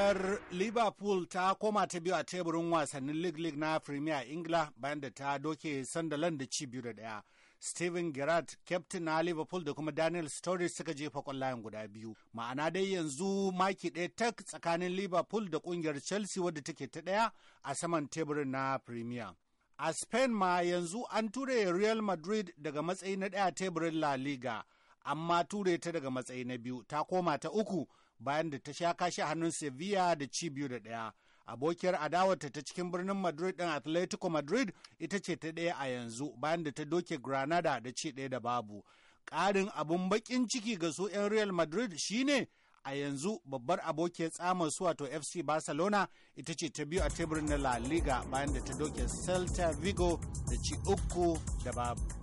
Ƙungiyar Liverpool ta koma ta biyu a teburin wasannin League League na Premier Ingila bayan da ta doke Sunderland da ci biyu da daya Steven Gerrard, kyaftin na Liverpool da kuma Daniel Sturridge suka jefa ƙwallayen guda biyu. Ma'ana dai yanzu maki ɗaya tak tsakanin Liverpool da ƙungiyar Chelsea wadda take ta ɗaya a saman teburin na Premier. A Spain ma yanzu an ture Real Madrid daga matsayi na ɗaya teburin La Liga. amma ture ta daga matsayi na biyu ta koma ta uku bayan da ta sha kashi hannun sevilla da ci biyu da ɗaya abokiyar adawarta ta cikin birnin madrid ɗin atletico madrid ita ce ta ɗaya a yanzu bayan da ta doke granada da ci ɗaya da babu ƙarin abun baƙin ciki ga su 'yan real madrid shine a yanzu babbar abokiyar tsamar su wato fc barcelona ita ce ta biyu a teburin na la liga bayan da ta doke celta vigo da ci uku da babu